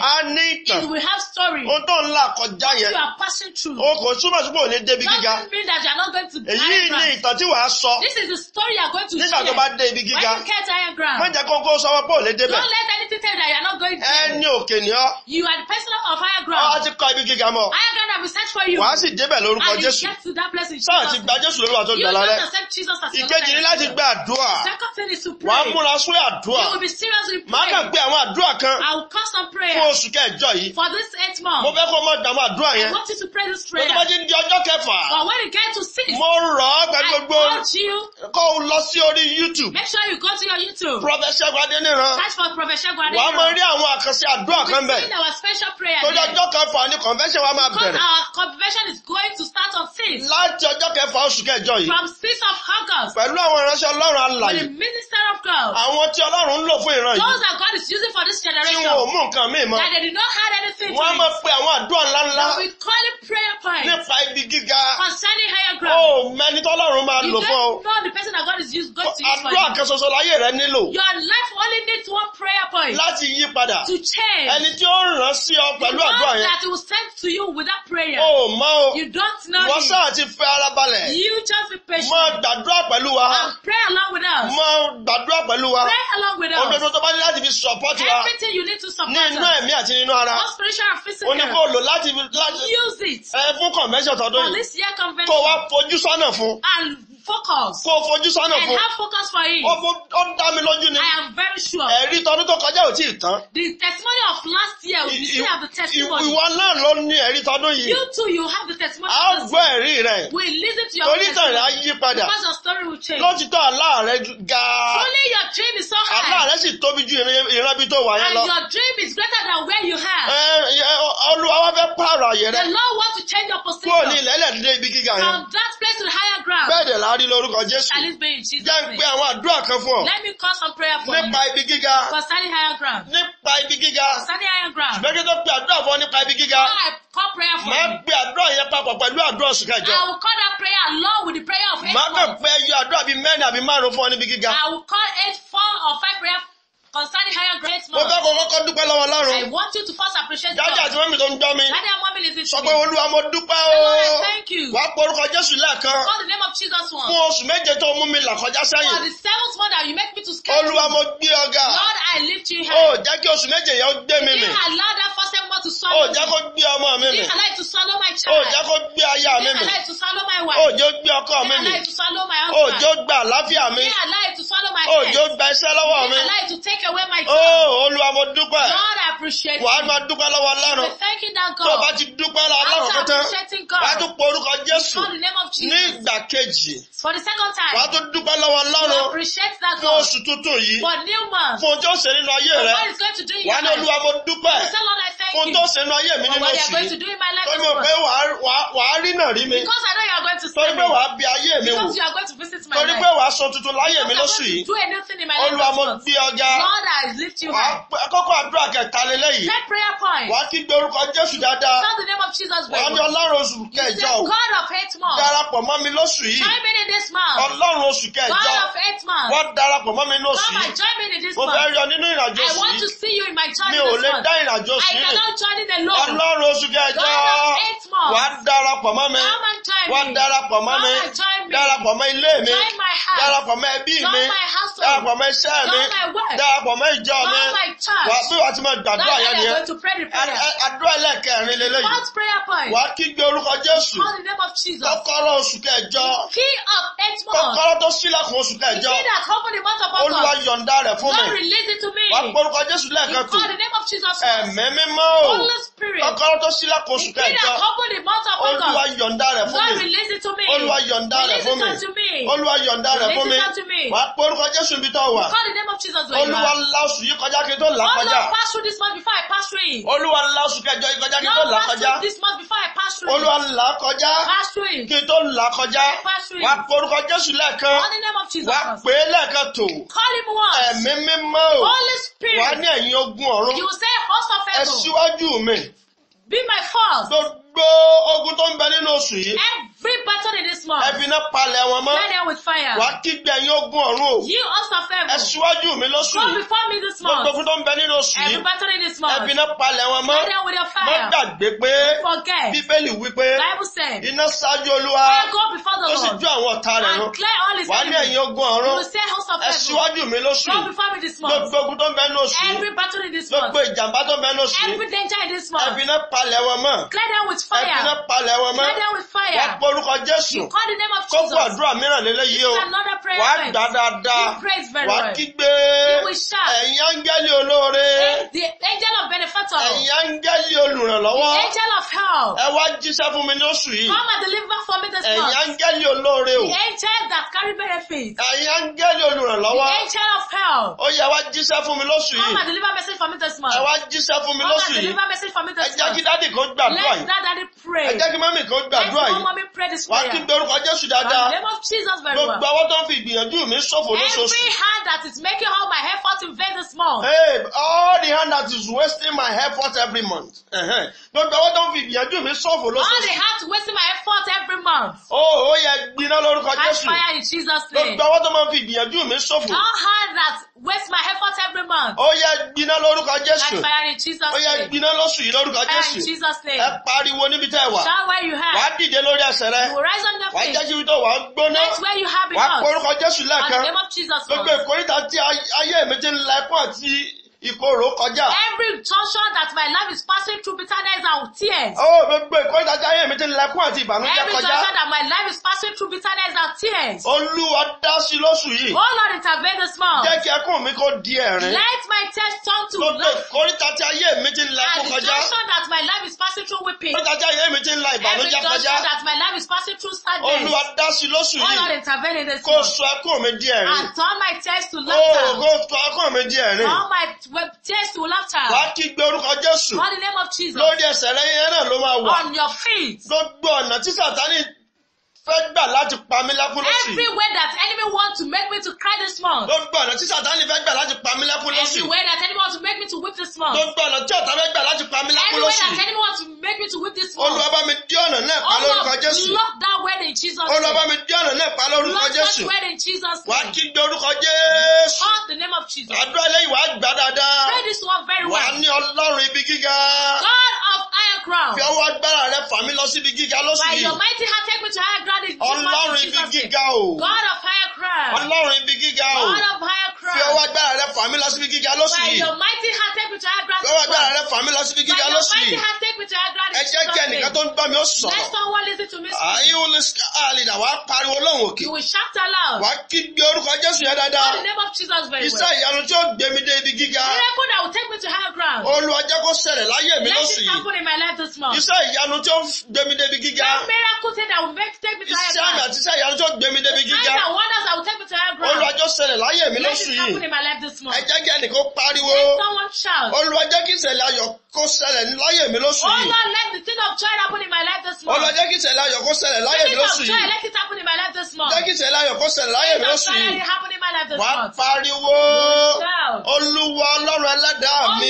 á ní ìtàn story. ohun tó ń là kọjá yẹn. you are passing through. o kò túmọ̀ sí ní débi gíga. doesn't mean that you are not going to high ground. èyí ni ìtàn tí wàá sọ. this is the story you are going to share. nígbà tó bá dé ibi gíga. when you get higher ground. má jẹ́ kókó sọ́wọ́ pé ò débẹ̀. don't let anything tell you that you are not going to. ẹni òkè ni ọ. you are the person of higher ground. ọ ti kọ ibi gíga mọ. higher ground have been for you. wàá sì débẹ̀ lórúkọ Jésù. and you get to that place in Jesus' name. ti gba Jésù lórúkọ tó gbà lálẹ́. you just accept Jesus as your Lord. ìkejì ni láti gba àdúrà. second you will be seriously gbé àdúrà I will call some prayer. for this eight months. mo fẹ́ kó mọ dàmú àdúrà yẹn. I want you to pray this prayer. lọ́jọ́ bá ti di ọjọ́ kẹfà. but when it get to six. mo rọ̀ ọ́ pẹ̀lú gbogbo. I told you. kó o lọ sí orí YouTube. make sure you go to your YouTube. Prophet Ṣẹ́gun search for Prophet Ṣẹ́gun Adéníran. wàá máa rí àwọn àkànṣe àdúrà kan bẹ̀. we sing our special prayer there. lọ́jọ́ kẹfà ni convention wa máa bẹ̀rẹ̀. because our convention is going to start on six. láti ọjọ́ kẹfà oṣù kẹjọ yìí. from six of August. pẹ̀lú àwọn ìránṣẹ́ Ọlọ́run alàyè. with the minister of God. àwọn tí Ọlọ́run ń lò fún ìran yìí. those that God is using for this generation. that they did not have anything máa pe àwọn àdúrà ńláńlá. we call it prayer point. nípa ibi gíga. concerning higher ground. ó oh, mẹ́ni tọ́lọ́run máa lò fún ọ. you don't know the person that God is used, God to use for you. àdúrà kan láyé rẹ nílò. your life only needs one prayer point. láti yí padà. to change. ẹni tí ó ń rán sí ọ pẹ̀lú àdúrà yẹn. the one that will send to you without prayer. ó oh, mọ o. you don't know him. wọ́n sáà ti fẹ́ ara balẹ̀. you just be patient. máa gbàdúrà pẹ̀lú wa. and pray along with us. máa gbàdúrà pẹ̀lú wa. pray along with us. ọ̀dọ̀ tó bá ní láti fi support wa. everything you need to support us. ní inú ẹ̀mí àti nínú ara. all spiritual and physical physical. o ní kó lò láti. use it. ẹ eh, fún convention tọdún yìí. for this convention. kó wá fojú sọ́nà fún. and focus. kó fojú sọ́nà fún. and have focus for him. ó ń dá mi lójú ni. I am very sure. ẹ̀rí tọdún tó kọjá ò tí tán. the testimony of last year we still have the testimony. ìwọ náà ló ní ẹ̀rí tọdún yìí. you too you have the testimony. a ó gbọ́ ẹ̀rí rẹ̀. we listen to your testimony. torí tàn rẹ̀ padà. because your story will change. lótìtọ́ àlá rẹ̀ ga. truly your dream is so high. àlá rẹ̀ sì tóbi ju ìrẹ́bí tó wà yẹn lọ. and your dream is greater than where you have. olúwa wá fẹ́ pààrọ̀ àyè the Lord wants to change your position. kúrò ní ilẹ̀ from that place to higher ground rí lórúkọ Jésù. Jẹ́ ń àwọn àdúrà kan fún ọ. Let me call some prayer for you. Nípa ibi gíga. Concerning higher ground. Nípa ibi gíga. Concerning higher ground. Ṣùgbọ́n kí n tó pe àdúrà fún ọ nípa ibi gíga. I call prayer for you. Máa pe àdúrà yẹn papọ̀ pẹ̀lú àdúrà oṣù kẹjọ. I will call that prayer along with the prayer of eight months. Máa kàn pé ẹyọ àdúrà bíi mẹ́rin àbí márùn-ún fún ọ níbi gíga. I will call eight four or five prayer concerning higher great lord. mo fẹ́ kó kọ́kọ́ dúpẹ́ lọ́wọ́ Ọlọ́run. I want you to first appreciate God. jájà àti mọ́mí tó ń gbọ́ mi. dáadáa mọ́mí lè fi tì mí. sọ pé olúwa mo dúpẹ́ o. Lord thank you. wàá porúkọ Jésù lẹ́ẹ̀kan. call the name of Jesus one. fún oṣù méje tó mú mi là kọjá sẹ́yìn. for the seventh month that you make me to scale. olúwa mo gbé ọ Lord I lift you high. o jẹ́ kí oṣù méje yẹn ó gbé mi mi. you allow that first seven not to swallow. Oh jẹ́ kó gbé ọmọ mi mi. Be alive to swallow my oh, child. Oh jẹ́ kó gbé aya mi mi. Be alive to swallow my wife. Oh, ó jẹ́ gbé ọkọ mi mi. Be alive to swallow my oh, husband. Ó jẹ́ gba àlàáfíà mi. Be alive to swallow my health. Ó jẹ́ gba iṣẹ́ lọ́wọ́ mi. Be alive to take away my job. Ó Olúwa mo dúpẹ́. God I appreciate you. Wàá máa dúpẹ́ lọ́wọ́ Ọlọ́run. Be thanking that God. Tó o bá ti dúpẹ́ lọ́wọ́ Ọlọ́run kọ́tán. After appreciating God. Wàá tún pe orúkọ Jésù. For the name of Jesus. Ní ìgbà kejì. For the second time. Wàá tún dúpẹ́ lọ́wọ́ Ọlọ́run. To appreciate that God. Fún oṣù tuntun yìí. For new month. Fún ọjọ́ òṣèré nínú ayé rẹ̀. For what is going to do in your life. Wàá ní Olúwa mo dúpẹ́. Fún ohun tó ṣe nu ayé mi nínú oṣù yìí tó mọ̀ pé wàá rí náà rí mi torí pé wàá bí ayé mi wò torí pé wàá sọ tuntun láyé mi lóṣù yìí Olúwa mo gbé ọjà wàá kọ́kọ́ àdúrà kẹta lélẹ́yìí wàá kí gbé orúkọ Jésù dáadáa wàá ní Ọlọ́run oṣù kẹjọ darapọ̀ mọ́ mi lóṣù yìí Ọlọ́run oṣù kẹjọ wọ́n darapọ̀ mọ́ mi lóṣù yìí mo fẹ́ rí nínú ìrìnàjò sí mi ò lè dá ìrìnàjò sí mi concerning the Lord. Ọlọ́run oṣù kẹjọ. God of eight months. Wàá darapọ̀ mọ́ mi. Come and wọ́n darapọ̀ mọ́ mi darapọ̀ mọ́ ilé mi darapọ̀ mọ́ ẹbí mi darapọ̀ mọ́ iṣẹ́ mi darapọ̀ mọ́ ìjọ mi wà á bí wà á ti máa gbàdúrà yẹn nìyẹn àdúrà ẹlẹ́kẹ̀rin lélẹ́yìí wà á kígbe orúkọ Jésù kọ́kọ́rọ́ oṣù kẹjọ kọ́kọ́rọ́ tó sílẹ̀kùn oṣù kẹjọ Olúwa yọ̀ǹda rẹ̀ fún mi wà á gbórúkọ Jésù lẹ́ẹ̀kan tó ẹ̀mí mímọ́ o kọ́kọ́rọ́ tó sílẹ̀kùn oṣù kẹjọ Olúwa yọ̀ǹda rẹ̀ fún mi mi olúwa yọ̀ǹda rẹ̀ fún mi olúwa yọ̀ǹda rẹ̀ fún mi wàá pé orúkọ jésù ibi tó wà olúwa lásù yìí kọjá kí n tó là kọjá olúwa lásù kẹjọ yìí kọjá kí n tó là kọjá olúwa là kọjá kí n tó là kọjá wàá pé orúkọ jésù lẹ́ẹ̀kan wàá pé lẹ́ẹ̀kan tó ẹ̀mí mímọ́ o wàá ní ẹ̀yìn ogun ọ̀run ẹ síwájú mi. Be my first gbogbo ogun tó ń bẹ nínú oṣù yìí. Free battle in this month. Ẹbí náà palẹ̀ wọn mọ́. Burn with fire. Wà á kígbe ẹ̀yin ogun ọ̀run o. You host of heaven. Ẹ síwájú mi lóṣù yìí. Go before me this month. Gbogbo tó ń bẹ nínú oṣù yìí. Every battle in this month. Ẹbí náà palẹ̀ wọn mọ́. Burn with your fire. Má gbàgbé pé. Forget. Bíbélì wí pé. Bible said. Iná ṣáájú Olúwa. I go before the Lord. Ó sì ju àwọn ọ̀tá rẹ̀ lọ. And clear all his enemies. Wà ní ẹ̀yin ogun ọ̀run. You say host of heaven. Ẹ before me this month. Gbogbo tó ń bẹ nínú oṣù Every battle in this month. Gbogbo ìjàmbá tó ń bẹ nínú oṣù yìí. Every danger in this month. Ẹbí náà palẹ̀ wọn mọ́. Clear them with fire. Ẹbí náà with fire orúkọ Jésù kó kú àdúrà mìíràn lélẹ́yìí o wà á gbà dáadáa wà á kígbe ẹ̀yin áńgẹ́lì olóore eh, ẹ̀yin áńgẹ́lì olùrànlọ́wọ́ ẹ wá jíṣẹ́ fún mi ní oṣù yìí ẹ̀yin áńgẹ́lì olóore o ẹ̀yin áńgẹ́lì olùrànlọ́wọ́ ó yẹ wá jíṣẹ́ fún mi lóṣù yìí ẹ wá jíṣẹ́ fún mi lóṣù yìí ẹ jẹ́ kí dádì kan gbàdúrà yìí ẹ jẹ́ kí mọ́mì kan gbàdúrà yìí spread his prayer. wàá kí n dorúkọ Jésù dáadáa. in the name of Jesus very well. gbogbo àwọn tó ń fi ìgbìyànjú mi ṣòfò lóṣooṣù. every hand that is making all my effort in vain this month. hey all the hand that is wasting my effort every month. gbogbo àwọn tó ń fi ìgbìyànjú mi ṣòfò lóṣooṣù. all the hands wasting my effort every month. oh ó oh, yẹ gbiná lórúkọ Jésù. I fire in Jesus name. gbogbo àwọn tó máa ń fi ìgbìyànjú mi ṣòfò. all hand that waste my effort every month. ó oh, yẹ gbiná lórúkọ Jésù. I fire in Jesus oh, name. ó yẹ gbiná lóṣù yìí lórúkọ Jésù. I fire in Jesus name. ẹ pariwo níbi tẹ́ ẹ wà. shout where you have. wàá dìde lórí ẹsẹ̀ rẹ. you will rise on that faith. jẹ́ kí ibi tó wàá gbóná. that's where you have it on. porúkọ Jésù lẹ́ẹ̀kan. name of Jesus. gbogbo ìkórìtà tí ayé mi ti ń la ẹkún àti ìkorò kọjá. every torture that my life is passing through bitterness and tears. ó oh, gbogbo ìkórè dájú ayé mi ti ń lẹkún àti ìbànújẹ́ kọjá. every torture that my life is passing through bitterness and tears. olúwa dá sí lóṣù yìí. oh lord intervene this month. jẹ́ kí ẹkún mi kó di ẹ̀rín. let my tears turn to laugh. gbogbo ìkórè dájú ayé mi ti ń lẹkún kọjá. and the torture that my life is passing through weeping. ìkórè dájú ayé mi ti ń la ìbànújẹ́ kọjá. every torture that my life is passing through sadness. olúwa dá sí lóṣù oh, yìí. oh lord intervene this month. Oh, kó sọ ẹkún mi di ẹ̀rín. my tears to laughter. ó kó were tears to laughter. wàá kígbe orúkọ Jésù. on the name of Jesus. lórí ẹsẹ̀ rẹ yẹn náà ló máa wà. on your feet. gbogbo ọ̀nà tí Sátánì fẹ́ gbà láti pa mí lákúrò every way that enemy want this month. Gbogbo ọ̀nà tí Sàtánì fẹ́ gbà láti pa mí lẹ́kún lóṣù. Everywhere that anyone wants to make me to whip this month. Gbogbo ọ̀nà tí ọ̀tá fẹ́ gbà láti pa mí lẹ́kún lóṣù. Everywhere that anyone wants to make me to whip this month. Olúwa bá mi dí ọ̀nà náà pa lórúkọ Jésù. Olúwa block that word in Jesus name. Olúwa bá mi dí ọ̀nà náà pa lórúkọ Jésù. Block that word in Jesus name. Wà á kí dorúkọ Jésù. On the name of Jesus. Àdúrà lẹ́yìn wà á gbà dáadáa. Pray this one very well. Wà á ní Ọlọ́run ibi gíga. God of ground. fi ọwọ́ agbára rẹ fà mí lọ síbi gíga lóṣù yìí. by your mighty hand take me to higher ground in Jesus' name. ọlọ́run ibi gíga o. God of higher ground. ọlọ́run ibi gíga o. God of higher ground. fi ọwọ́ agbára rẹ fà mí lọ síbi gíga lóṣù yìí. by your mighty hand take me to higher ground. fi ọwọ́ agbára rẹ fà mí lọ síbi gíga lóṣù yìí. by your mighty hand take me to higher ground in Jesus' name. ẹ jẹ́ kí ẹnìkan tó ń bá mi ó sọ̀rọ̀. let someone listen to me speak. àyè ó lè àlìdà wàá pariwo lóhùn òkè. you will shout aloud. wàá kí gbé orúkọ Jésù yẹn dáadáa. call the name of Jesus very well. iṣẹ́ ìyanu tí ó gbé mi dé ibi gíga. miracle that will take me to higher ground. Olúwa jẹ́ kó ṣẹlẹ̀ láyé mi lóṣù yìí. let it happen in my life life this month. Iṣẹ́ ìyanu tí ó gbé mi débi gíga. The miracle thing that will make take me to higher ground. Iṣẹ́ àmì àti iṣẹ́ ìyanu tí ó gbé mi débi gíga. The signs and wonders that will take me to higher ground. Olúwa jọ ṣẹlẹ̀ láyé mi lóṣù yìí. Let it happen in my life this month. Ẹ jẹ́ kí ẹnìkan pariwo. Let someone shout. Olúwa jẹ́ kí ìṣẹ̀lẹ̀ ayọ̀ kó ṣẹlẹ̀ láyé mi lóṣù yìí. Oh, Lord, let the thing of joy happen in my life this month. Olúwa jẹ́ kí ìṣẹ̀lẹ̀ ayọ̀ kó ṣẹlẹ̀ láyé mi lóṣù yìí. Let it happen in my life this month. Jẹ́ kí ìṣẹ̀lẹ̀ ayọ̀ kó ṣẹlẹ̀ láyé mi lóṣù yìí. Let it happen in my life this month. Wàá pariwo. Olúwa Ọlọ́run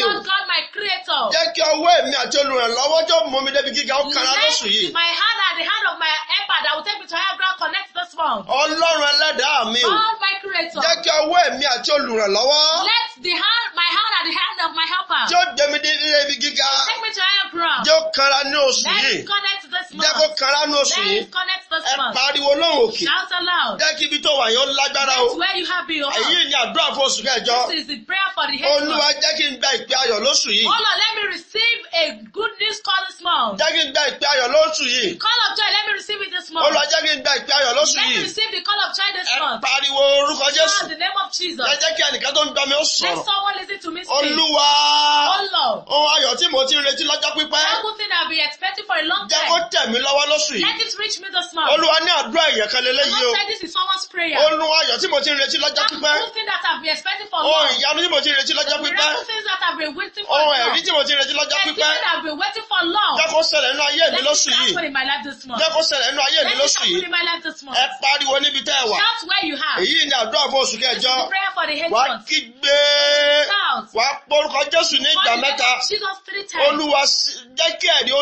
Oh God my creator. Jẹ́ kí ọwọ́ èmi àti olùrànlọ́wọ́ ọwọ́jọ́ mọ́ mi débi gíga ó kara lọ́sùn yìí. my hand and the hand of my helper that will take me to higher ground connect this one. ọlọ́run ẹlẹ́dàá mi o. all my creator. jẹ́ kí ọwọ́ ẹ̀mí àti olùrànlọ́wọ́. let the hand my hand and the hand of my helper. tí ó gbé mi gíga. take me to higher ground. jẹ́ ó kara ní oṣù yìí. let it connect this month. jẹ́ kó kara ní oṣù yìí. let it connect this month. ẹ pariwo lóhùn òkè. shout aloud. jẹ́ kí ibi tó wà yóò lágbára o. that's where you have been. èyí ni àdúrà fún oṣù kẹjọ. this is the prayer for the head. olúwa jẹ́ kí n gba ìpè ayọ̀ lóṣù yìí. hold on let me receive a good news call this month. Jẹ́ kí n gba ìpè ayọ̀ lóṣù yìí. Call of joy let me receive it this month. Olúwa jẹ́ kí n gba ìpè ayọ̀ lóṣù yìí. Let me receive the call of joy this month. Ẹ pariwo orúkọ Jésù. Call the name of Jesus. Ẹ jẹ́ kí ẹnìkan tó ń gbà mí ó sọ̀rọ̀. Let someone listen to me speak. Olúwa. Oh Lord. Ohun ayọ̀ tí mo ti ń retí lọ́jọ́ pípẹ́. good thing I've been expecting for a long time. Jẹ́ kó tẹ̀ mí lọ́wọ́ lóṣù yìí. Let it reach me this month. Olúwa ní àdúrà èèyàn kan lélẹ́ o. The Lord said this is someone's prayer. Ohun ayọ̀ tí mo ti ń retí lọ́jọ́ pípẹ́. Every thing that I've been expecting for a long. time. Ohun ìyanu tí mo ti ń retí lọ́jọ́ pípẹ́. The miracle things that I've been waiting for long. Ohun ẹ̀rí tí mo ti ń retí lọ́jọ́ pípẹ́. The thing I've been waiting for for long. Jẹ́ kó nínú ayé mi lóṣù yìí. Let me nínú ayé mi lóṣù yìí. Ẹ pariwo níbi tẹ́ ẹ wà. you are. Èyí ni àdúrà fún oṣù kẹjọ. Wà á kígbe. Shout. Wà á porúkọ Jésù ní ìgbà mẹ́ta. Olúwa jẹ́ kí ẹ̀rí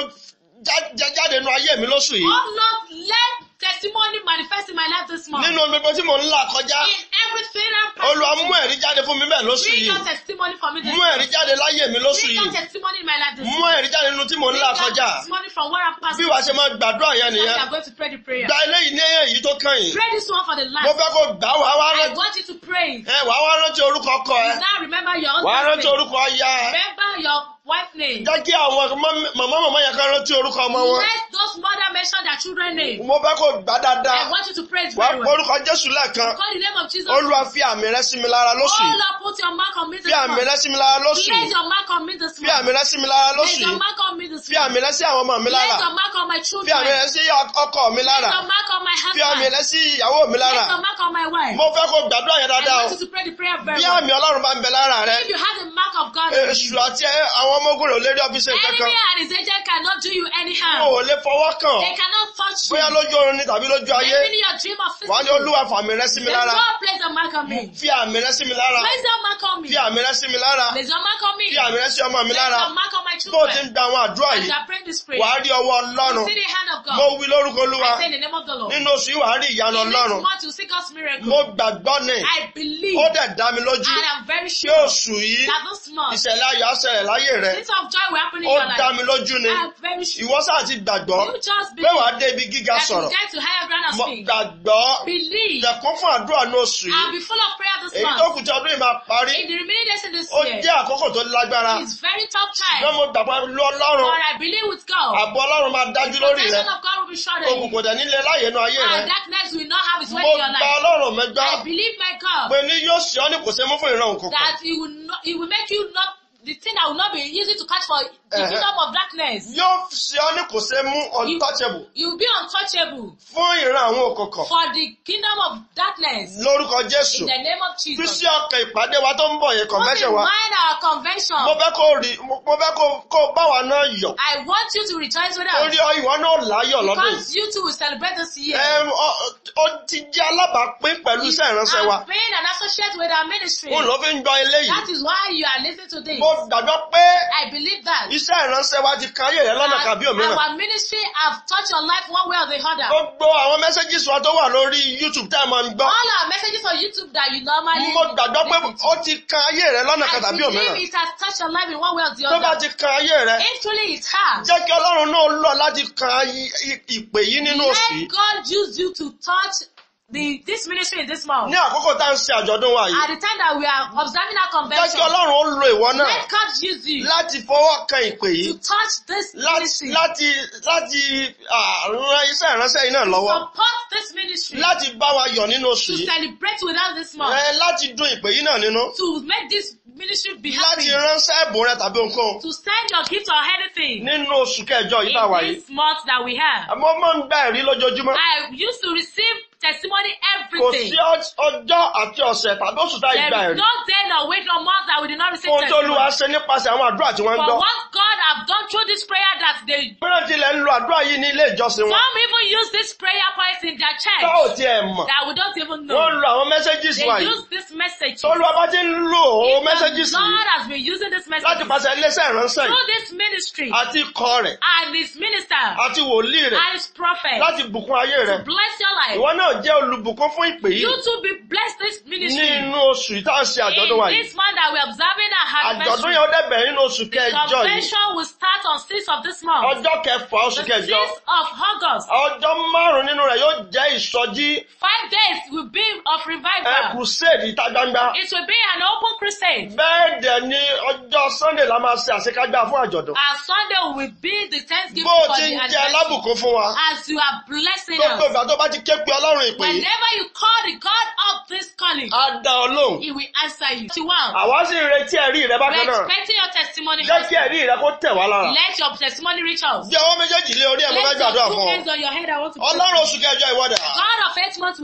jáde nínú ayé mi lóṣù yìí. Oh Lord, let testimony manifest in my life this month. nínú gbogbo tí mò ń là kọjá. in everything I'm passing. olúwa mú ẹ̀rí jáde fún mi bẹ́ẹ̀ lóṣù yìí. bring your testimony for me this month. mú ẹ̀rí jáde láyé mi lóṣù yìí. bring your testimony in my life this month. mú ẹ̀rí jáde nínú tí mò ń là kọjá. bring your testimony from where I'm passing. bí wàá ṣe máa gbàdúrà yẹn nìyẹn. we are going to pray the prayer. gba eléyìí ní èyí tó kàn yìí. pray this one for the last. mo fẹ́ kó gbà wá wá rántí. I want you to pray. ẹ wàá wá rántí orúkọ ọkọ ẹ. now remember your husband. wàá rántí orúkọ ya remember your wife name. jẹ́ kí àwọn màmá màmá yẹn kan rántí orúkọ ọmọ wọn. let those mothers mention their children name. mo bẹ̀ kó gbá dáadáa. I want you to praise very well. orúkọ Jésù lẹ́ẹ̀kan. call the name of Jesus. Olúwa fi àmì rẹ sí mi lára lóṣù. Oh put your mark on me this month. fi àmì rẹ sí mi lára lóṣù. place your mark on me this month. fi àmì rẹ sí mi lára lóṣù. place your mark on me this month. fi àmì rẹ sí àwọn ọmọ mi lára. place your mark on my children. fi àmì rẹ sí ọkọ mi lára. place your mark on my husband. fi àmì rẹ sí ìyàwó mi lára. place your mark on my wife. mo fẹ́ kó gbàdúrà yẹn dáadáa I want you to pray the prayer very well. bí àmì Ọlọ́run bá ń bẹ lára rẹ. if you have the mark of God. èṣù àti àwọn ọmọkùnrin ò lè rí ọ́fíìsì kankan. any organization cannot do you any harm. wọn ò lè fọwọ́ kàn. they cannot touch you. bóyá lójú oorun ni tàbí lójú ayé. maybe in your dream of physical. wàá ní olúwa fàmì rẹ sí mi lára. the God place the mark on me. fi àmì rẹ sí mi lára. place the mark on me. fi àmì rẹ sí mi lára. place the mark on me. fi àmì rẹ sí ọmọ mi lára. place the mark on my children. bó o ti ń gba àwọn àdúrà yìí. as I this prayer. rí ọwọ́ ọlọ́run. you see the hand of God. mo wí lórúkọ olúwa. I say the name of the Lord. nínú oṣù yìí wàá rí ìyanu ọlọ́run. in this month you see God's miracle. mo gbàgbọ́ ni. I believe. ó dẹ̀ dá mi lójú. I am very sure. ṣé oṣù yìí. that this month. ìṣẹ̀lẹ̀ ayọ̀ á ṣẹlẹ̀ láyé rẹ rẹ ó dá mi lójú ni ah, ìwọ sáà ti gbàgbọ́ bẹ́ẹ̀ wàá dé ibi gíga sọ̀rọ̀ gbàgbọ́ dẹ̀kún fún àdúrà ní oṣù yìí èyí tó kù tí ọdún yìí máa parí ó jẹ́ àkókò tó lágbára ṣùgbọ́n mo gbàgbọ́ lọ ọlọ́run àbọ̀ ọlọ́run máa dájú lórí rẹ òkùnkùn dẹ̀ nílé láyé inú ayé rẹ mo gba ọlọ́run mẹ́gbà pé ní yóò ṣe ọ́ ní kò ṣe fún ìran òkùnkùn. that he will, not, he will make you not the thing that will not be easy to catch for the uh, uh-huh. kingdom of darkness. yóò ṣe ọ́ ní kò ṣe mú untouchable. you will be untouchable. fún ìran àwọn òkùnkùn. for the kingdom of darkness. lórúkọ jésù. in the name of jesus. fi sí ọkàn ìpàdé wa tó ń bọ̀ yẹn convention wa. mind our convention. mo fẹ́ kó rí mo fẹ́ kó kó bá wa náà yọ̀. I want you to rejoice with us. torí ìwọ náà láyọ̀ lọ́dún. because you two will celebrate this year. ẹ ọ ti jẹ́ alábàápín pẹ̀lú iṣẹ́ ìránṣẹ́ wa. you are paying an associate with our ministry. òun ló fi ń gbọ́ eléyìí. that is why you are listening today gbàgbọ́ pé. I believe that. Iṣẹ́ ìránṣẹ́ wa ti kan ayé rẹ lọ́nà kàbí òmíràn. Our ministry have touched your life one way or the other. Gbogbo àwọn messages wa tó wà lórí YouTube tá a máa ń gbọ́. All our messages on YouTube that you normally. Mo gbàgbọ́ pé ó ti kan ayé rẹ lọ́nà kàbí òmíràn. I believe it has touched your life in one way or the other. Tó bá ti kan ayé rẹ. Actually it has. Jẹ́ kí Ọlọ́run náà lọ láti kan ìpè yìí nínú òsì. Let God use you to touch the this ministry in this month. ní àkókò tá à ṣe àjọ̀dún wa yìí. at the time that we are observing our convention. jẹ́ kí ọlọ́run ó lo ìwọ náà. let God use you. láti fọwọ́ kan ìpè yìí. to touch this ministry. láti láti ràn iṣẹ́ ìránṣẹ́ yìí lọ́wọ́. support this ministry. láti bá wa yọ̀ nínú oṣù yìí. to celebrate with us this month. ẹ láti dùn ìpè yìí náà nínú. to make this ministry be happy. láti ránṣẹ́ ẹ̀bùn rẹ tàbí nǹkan. to send your gift or anything. nínú oṣù kẹjọ yìí tá a yìí. in this month that we have. àmọ́ mọ́ ń gbà ẹ̀rí lójoojúmọ́. I used to receive testimony everything. Kò sí ọjọ́ àti ọ̀sẹ̀ tàbí oṣù tá ìgbà ẹ̀rí. There is no day nor week nor month that we did not receive testimony. Ohun ṣe nípasẹ̀ àwọn àdúrà tí wọ́n ń gbọ́. But what God have done through this prayer that they. Mìíràn tilẹ̀ ń lo àdúrà yìí ní ilé ìjọsìn wọn. Some even use this prayer point in their church. Tá ò tiẹ̀ mọ̀. That we don't even know. Wọ́n lo àwọn messages wáyé. They use this message. Tolúwa bá ti ń lo àwọn messages yìí. God has been using this message. Láti pàṣẹ iléeṣẹ́ ìránṣẹ́ yìí. Through this ministry. Àti ikọ̀ rẹ̀. And his minister. Àti wòlíì rẹ̀. And his prophet. Láti bùkún ayé rẹ̀. To bless your life. Ìwọ náà náà jẹ́ olùbùkún fún ìpè yìí. you too be blessed this ministry. ní inú oṣù yìí tá ṣe àjọ̀dún wa yìí. in this month that we are observing our harvest, àjọ̀dún yẹn ó dẹ̀ nínú oṣù kẹjọ yìí. the convention will start on six of this month. ọjọ́ kẹfà oṣù kẹjọ. the sixth of August. ọjọ́ márùn-ún nínú rẹ̀ yóò jẹ́ ìsọjí. five days will be of revival. Ẹ crusade ìta gbangba. It will be an open crusade. Bẹ́ẹ̀ dẹ̀ ni ọjọ́ Sunday la máa ṣe àṣekágbá fún àjọ̀dún. And Sunday will be the thanksgiving for the adventure. Bó o ti ń jẹ alábùkún fún wa. As you are blessing us. Gbogbo ìgbà tó bá ti ké pe Ọlọ́run ìpè yìí. Whenever you call the God of this calling. A dá ọ He will answer you. Twenty-one. Àwa sì ń retí ẹ̀rí rẹ bákan náà. We are your testimony. Jẹ́ kí ẹ̀rí rẹ kó tẹ̀ wá lára. Let your testimony reach us. Bí ọwọ́ méjèèjì lé orí ẹ̀ mo fẹ́ gbàdúrà fún ọ. Let your two hands on your head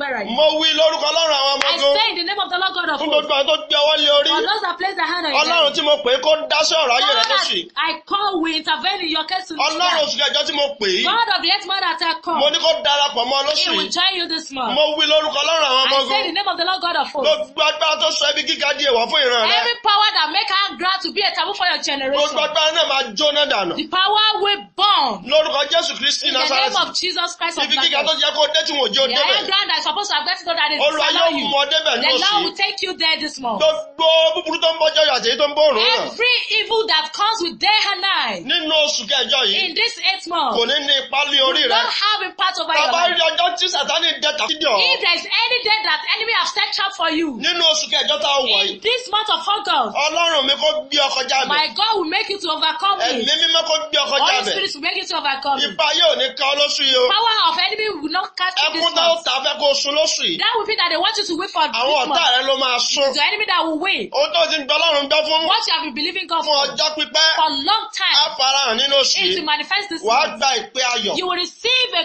I want to ọlọ́run àwọn ọmọ ogun. I say in the name of the Lord God of hosts. fún gbogbo àwọn tó gbé ọwọ́ lé orí. for those that place their hand on you. ọlọ́run tí mo pè é kó dáṣẹ́ ọ̀rọ̀ ayé rẹ lóṣù. I call we intervene in your case tonight. ọlọ́run oṣù kẹjọ tí mo pè é. God of the eight month attack come. mo ní kó darapọ̀ mọ́ lóṣù. he will join you this month. mo wí lórúkọ ọlọ́run àwọn ọmọ ogun. I say in the name of the Lord God of hosts. gbogbo agbára tó sọ ibi gíga di èèwọ̀ fún ìran rẹ. every power that make our ground to be a taboo for your generation. gbogbo agbára náà máa jóná dànù. the power we burn. lórúkọ Jésù Kristi Nazareth. in the name of Jesus Christ of Nazareth. ibi gíga tó jẹ́ kó dé tí wọn ò jẹ́ òde bẹ̀. the high ground that is supposed to have blessed God that is. olùwà allow you. The Lord will take you there this month. Gbogbo búburú tó ń bọ́ jẹ́yọ̀ àti èyí tó ń bọ̀ òrùn Every evil that comes with day and night. Nínú oṣù kẹjọ yìí. In this eight months. Kò ní ní ipa lé orí rẹ. You don't have impact over your life. Bàbá rí ọjọ́ tí Sàtánì dẹ tàbí ọ̀. If there is any day that enemy have set trap for you. Nínú oṣù kẹjọ tá a wọ̀ yìí. In this month of August. Ọlọ́run mi kò gbé ọkọ jáde. My God will make you to overcome it. Ẹ̀mí mímọ́ kò gbé ọkọ jáde. Holy spirit will make you to overcome it. Ìbá yóò ní ká lóṣù yìí Power of enemy will not catch you this month. That will be that they want you to wait for àwọn ọ̀tá rẹ ló máa sún. it's the enemy that will win. ó tó ti gbọ́ Ọlọ́run gbọ́ fún. what you have been believing God for. fún ọjọ́ pípẹ́. for long time. á farahàn nínú oṣù. it will manifest this month. wàá gba ìpè ayọ̀. you will receive a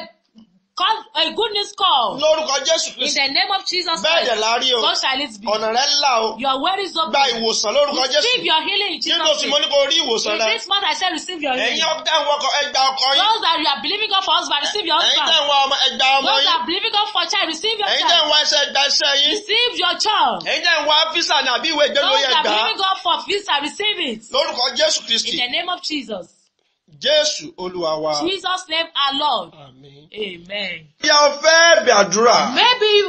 Call a good news call. Lórúkọ Jésù Kristi. In the name of Jesus Christ. Bẹ́ẹ̀ dẹ̀ la rí o. So shall it be. Ọ̀nà rẹ̀ ńlá o. Your word is open. Gba ìwòsàn lórúkọ Jésù. Receive your healing in Jesus' name. Nínú oṣù mo kò rí ìwòsàn rẹ. In this month I said receive your healing. Ẹ̀yin ọ̀gá ìwọ ọkọ ẹgbàá ọkọ yín. Those that you are believing God for husband receive your husband. Ẹ̀yin tẹ̀ ń wá ọmọ ẹgbàá ọmọ yín. Those that are believing God for child receive your child. Ẹ̀yin tẹ̀ ń wá iṣẹ́ ẹgbàá iṣẹ́ yín. Receive your job. Ẹ̀yin tẹ̀ ń wá visa ní àbí ìwé ìgbélóyè ẹgbàá. Those that are believing God for visa receive it. Lórúkọ Jésù Kristi. In the name of Jesus. Jésù Olúwa Jesus name our Lord. Amen. Amen. Bí a fẹ́ bẹ̀ àdúrà. Maybe you